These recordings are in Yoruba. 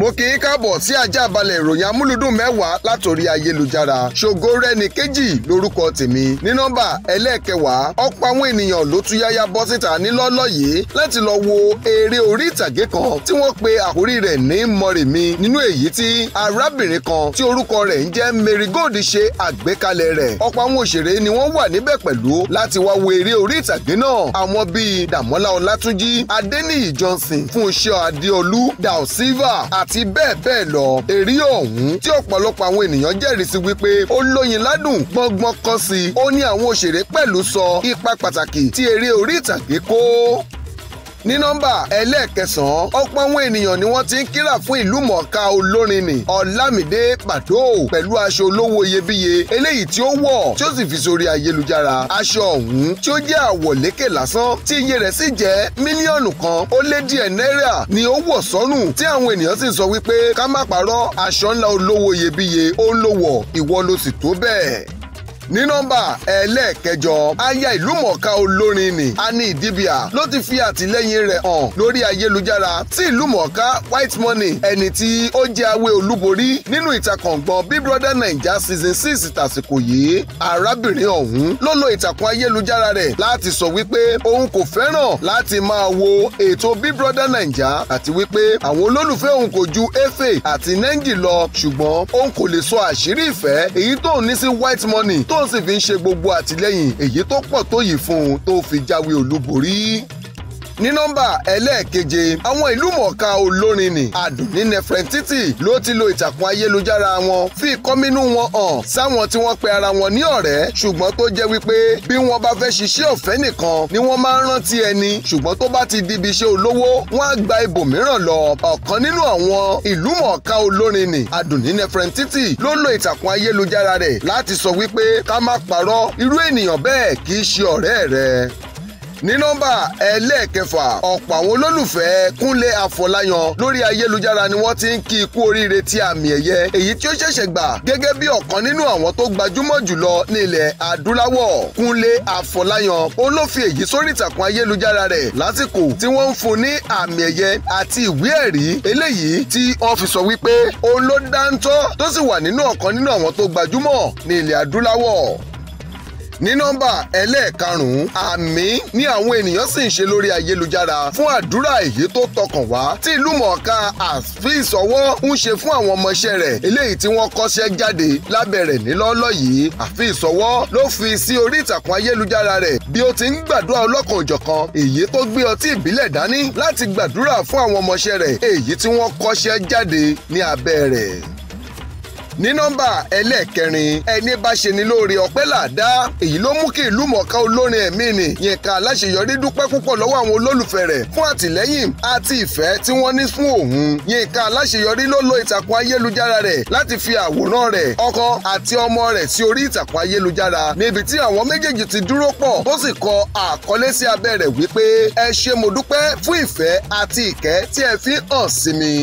mo kì í káàbọ̀ sí àjàbalẹ̀ ìròyìn amúlùdùn mẹ́wàá látòrí ayélujára ṣògo rẹni kejì lórúkọ tèmi ní nọ́mbà ẹlẹ́ẹ̀kẹwàá ọ̀pọ̀ àwọn ènìyàn ló tún yáyá bọ́ síta nílọ́lọ́ yìí láti lọ wo eré orí ìtàgé kan tí wọ́n pe àkórí rẹ̀ ní mọ̀rẹ̀mí nínú èyí tí arábìnrin kan tí orúkọ rẹ̀ ń jẹ́ Marigold ṣe àgbékalẹ̀ rẹ̀ ọ̀pọ̀ àwọn òṣèré ni wọ́n wà níbẹ̀ pẹ̀lú láti wá wo eré orí ìtàgé náà àwọn bíi Dàmọ́lá Ọlátúnjí Adéníyì Johnson Fúnṣọ́ Adéolú Dao Silva àt àti bẹ́ẹ̀ bẹ́ẹ̀ lọ èrí ọ̀hún tí ọ̀pọ̀lọpọ̀ àwọn ènìyàn jẹ́rìí sí wípé ó lóyin ládùn gbọ́ngbọ́n kan sí i ó ní àwọn òṣèré pẹ̀lú sọ ipa pàtàkì tí eré orí ìtàgé kó ní nọ́mbà ẹlẹ́ẹ̀kẹsàn-án ọ̀pọ̀ àwọn ènìyàn ni wọ́n ti ń kírà fún ìlú mọ̀ọ́ká olórin nì ọ̀làmídé pàtó pẹ̀lú aṣọ olówó iyebíye eléyìí tí ó wọ̀ tí ó sì fi sórí ayélujára aṣọ ọ̀hún tí ó jẹ́ àwọ̀lékè lásán tí iye rẹ̀ sì jẹ́ mílíọ̀nù kan ó lé díẹ̀ náírà ni ó wọ̀ sọ́nù tí àwọn ènìyàn sì sọ wípé ká má parọ́ aṣọ ńlá olówó iyebíye ó ń lò ní nọ́mbà ẹlẹ́ẹ̀kẹjọ aya ìlúmọ̀ọ́ká olórin ni ani Idibia ló ti fi àtìlẹ́yìn rẹ̀ hàn lórí ayélujára tí ìlúmọ̀ọ́ká White Money ẹni tí ó jẹ́ awé olúborí nínú ìtakọ̀ngbọ̀n Big Brother Naija season six tàsìkò yìí arábìnrin ọ̀hún ló lo ìtàkùn ayélujára rẹ̀ láti sọ wípé òun kò fẹ́ràn láti máa wo ètò Big Brother Naija àti wípé àwọn olólùfẹ́ òun kò ju Efe àti Nengi lọ ṣùgbọ́n òun kò lè sọ àṣírí ìfẹ́ èyí tóun ní sí White Money tó tó sì fi ń ṣe gbogbo àtìlẹ́yìn èyí tó pọ̀ tó yìí fún un tó fi jáwé olúborí ní nọ́mbà ẹlẹ́ẹ̀keje àwọn ìlú mọ̀ọ́ká olórin ni Àdùnní Nẹfrẹ̀ntítì ló ti lo ìtàkùn ayélujára wọn fi ìkọ́mínú wọn hàn sáwọn tí wọ́n pe ara wọn ní ọ̀rẹ́ ṣùgbọ́n tó jẹ́ wípé bí wọ́n bá fẹ́ ṣiṣẹ́ ọ̀fẹ́ nìkan ni wọ́n máa ń rántí ẹni ṣùgbọ́n tó bá ti di ibi iṣẹ́ olówó wọ́n á gba ibòmíràn lọ ọ̀kan nínú àwọn ìlú mọ̀ọ́ká olórin ni Àdùnní Nẹfrẹ̀ntítì ló lo ìtàkùn ayélujára rẹ̀ láti sọ wípé ká má parọ́ irú ènìyàn bẹ́ẹ̀ kì í ṣe ọ̀rẹ́ rẹ̀ ní nọ́mbà ẹlẹ́ẹ̀kẹfà ọ̀pọ̀ àwọn olólùfẹ́ Kúnlé Àfọláyàn lórí ayélujára ni wọ́n ti ń kí ikú oríire ti àmì ẹ̀yẹ èyí tí ó ṣẹ̀ṣẹ̀ gbà gẹ́gẹ́ bí ọ̀kan nínú àwọn tó gbajúmọ̀ jùlọ ní ilẹ̀ adúláwọ̀ Kúnlé Àfọláyàn òun ló fi èyí sórí ìtàkùn ayélujára rẹ̀ lásìkò tí wọ́n ń fún ní àmì ẹ̀yẹ àti ìwé ẹ̀rí eléyìí tí wọ́n fi sọ wípé òun tó sì wà nínú ọ̀kan nínú àwọn tó gbajúmọ̀ ní ilẹ̀ ní nọ́mbà ẹlẹ́ẹ̀karùn-ún àmì ni àwọn ènìyàn sì ń ṣe lórí ayélujára fún àdúrà èyí tó tọkàn wá tí ìlú mọ̀ọ́ká Afeez Ọwọ́ ń ṣe fún àwọn ọmọọṣẹ́ rẹ̀ eléyìí tí wọ́n kọ́ṣẹ́ jáde lábẹ́rẹ̀ nílọ́ọ́lọ́ yìí Afeez Ọwọ́ ló fi sí orí ìtàkùn ayélujára rẹ̀ bí ó ti ń gbàdúrà ọlọ́kan òjọ̀kan èyí tó gbé ọtí ìbílẹ̀ dání láti gbàdúrà fún àwọn ọmọọṣẹ́ rẹ̀ èyí tí wọ́n kọ́ṣẹ́ jáde ní abẹ́ rẹ̀ ní nọ́mbà ẹlẹ́ẹ̀kẹrin ẹni bá ṣe ni lóore ọpẹ́ làdá èyí ló mú kí ìlú mọ̀ọ́ká olórin ẹ̀mí ni Yínká Aláṣeyọrí dúpẹ́ púpọ̀ lọ́wọ́ àwọn olólùfẹ́ rẹ̀ fún àtìlẹ́yìn àti ìfẹ́ tí wọ́n ní fún òun Yínká Aláṣeyọrí ló lo ìtàkùn ayélujára rẹ̀ láti fi àwòrán rẹ̀ ọkọ àti ọmọ rẹ̀ sí orí ìtàkùn ayélujára níbi tí àwọn méjèèjì ti dúró pọ̀ tó sì kọ àkọlé sí abẹ́ rẹ̀ wípé ẹ ṣé mo dúpẹ́ fún ìfẹ́ àti ìkẹ́ tí ẹ fi hàn sí mi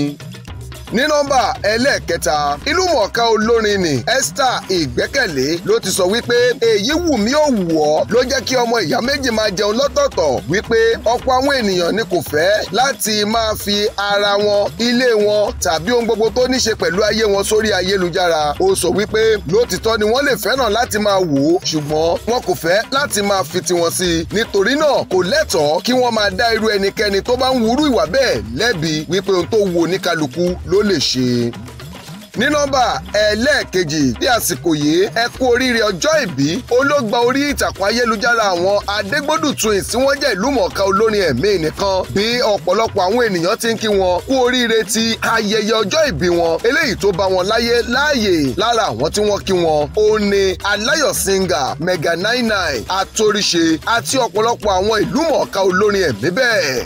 ní nọ́mbà ẹlẹ́ẹ̀kẹta ìlúmọ̀ọ́ká olórin ni Esther Ìgbẹ́kẹ̀lé ló ti sọ wípé èyí wù mí ò wù ọ́ ló jẹ́ kí ọmọ ìyá méjì máa jẹun lọ́tọ̀ọ̀tọ̀ wípé ọ̀pọ̀ àwọn ènìyàn ni kò fẹ́ láti máa fi ara wọn ilé wọn tàbí ohun gbogbo tó ní ṣe pẹ̀lú ayé wọn sórí ayélujára ó sọ wípé lótìtọ́ ni wọ́n lè fẹ́ràn láti máa wò ó ṣùgbọ́n wọn kò fẹ́ láti máa fi tiwọn sí i nítorí náà kò lẹ́tọ̀ọ́ kí wọ́n máa dá irú ẹnikẹ́ni tó bá ń wúrú ìwà bẹ́ẹ̀ lẹ́bi wípé ohun tó wo oníkálukú ló ló lè ṣe ní nọ́mbà ẹlẹ́ẹ̀kejì ní àsìkò yìí ẹ kú oríire ọjọ́ ìbí olóògbà orí ìtàkùn ayélujára àwọn adégbòdù twins tí wọ́n jẹ́ ìlúmọ̀ọ́ká olórin ẹ̀mí nìkan bí ọ̀pọ̀lọpọ̀ àwọn ènìyàn ti ń kí wọn kú oríire ti ayẹyẹ ọjọ́ ìbí wọn eléyìí tó bá wọn láyé láàyè lára àwọn tí wọ́n kí wọn ó ní aláyọ̀ mega nine nine àtòrìṣe àti ọ̀pọ̀lọpọ̀ àwọn ìlúmọ̀ọ́ká olórin ẹ̀mí bẹ́ẹ̀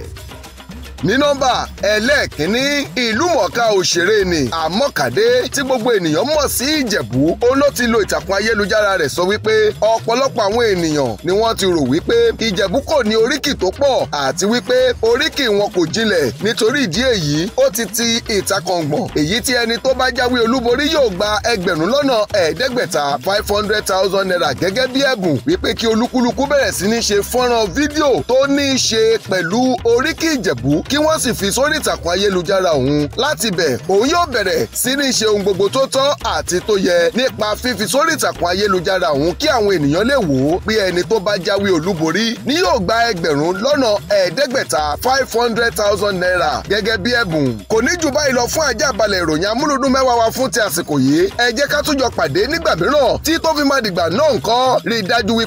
ní nọ́mbà ẹlẹ́ẹ̀kínní ìlúmọ̀ọ́ká òṣèré ni àmọ́kàdé tí gbogbo ènìyàn mọ̀ sí ìjẹ̀bú òun ló ti lo ìtàkùn ayélujára rẹ̀ sọ wípé ọ̀pọ̀lọpọ̀ àwọn ènìyàn ni wọ́n ti rò wípé ìjẹ̀bú kò ní oríkì tó pọ̀ àti wípé oríkì wọn kò jinlẹ̀ nítorí ìdí èyí ó ti ti ìtakọ̀ngbọ̀n èyí tí ẹni tó bá jáwé olúborí yóò gba ẹgbẹ̀rún lọ́nà ẹ̀ẹ́dẹ́gbẹ̀ta five hundred thousand naira gẹ́gẹ́ bí ẹ̀bùn wípé kí olúkúlùkù bẹ̀rẹ̀ sí ní ṣe fọ́nrán fídíò kí wọ́n sì fi sórí ìtàkùn ayélujára òun láti bẹ̀ òun yóò bẹ̀rẹ̀ sí ní ṣe ohun gbogbo tó tọ́ àti tó yẹ nípa fífi sórí ìtàkùn ayélujára òun kí àwọn ènìyàn lè wò ó pé ẹni tó bá jáwé olúborí ni yóò gba ẹgbẹ̀rún lọ́nà ẹ̀ẹ́dẹ́gbẹ̀ta five hundred thousand naira gẹ́gẹ́ bí ẹ̀bùn kò ní jù báyìí lọ fún àjàbalẹ̀ ìròyìn amúlùdún mẹ́wàá wa fún ti àsìkò yìí ẹ jẹ́ ká tún jọ pàdé nígbà mìíràn tí tó fi máa dìgbà náà nǹkan rí i dájú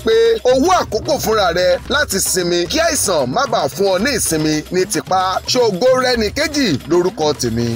ṣògo rẹ̀ nìkejì lórúkọ tèmi.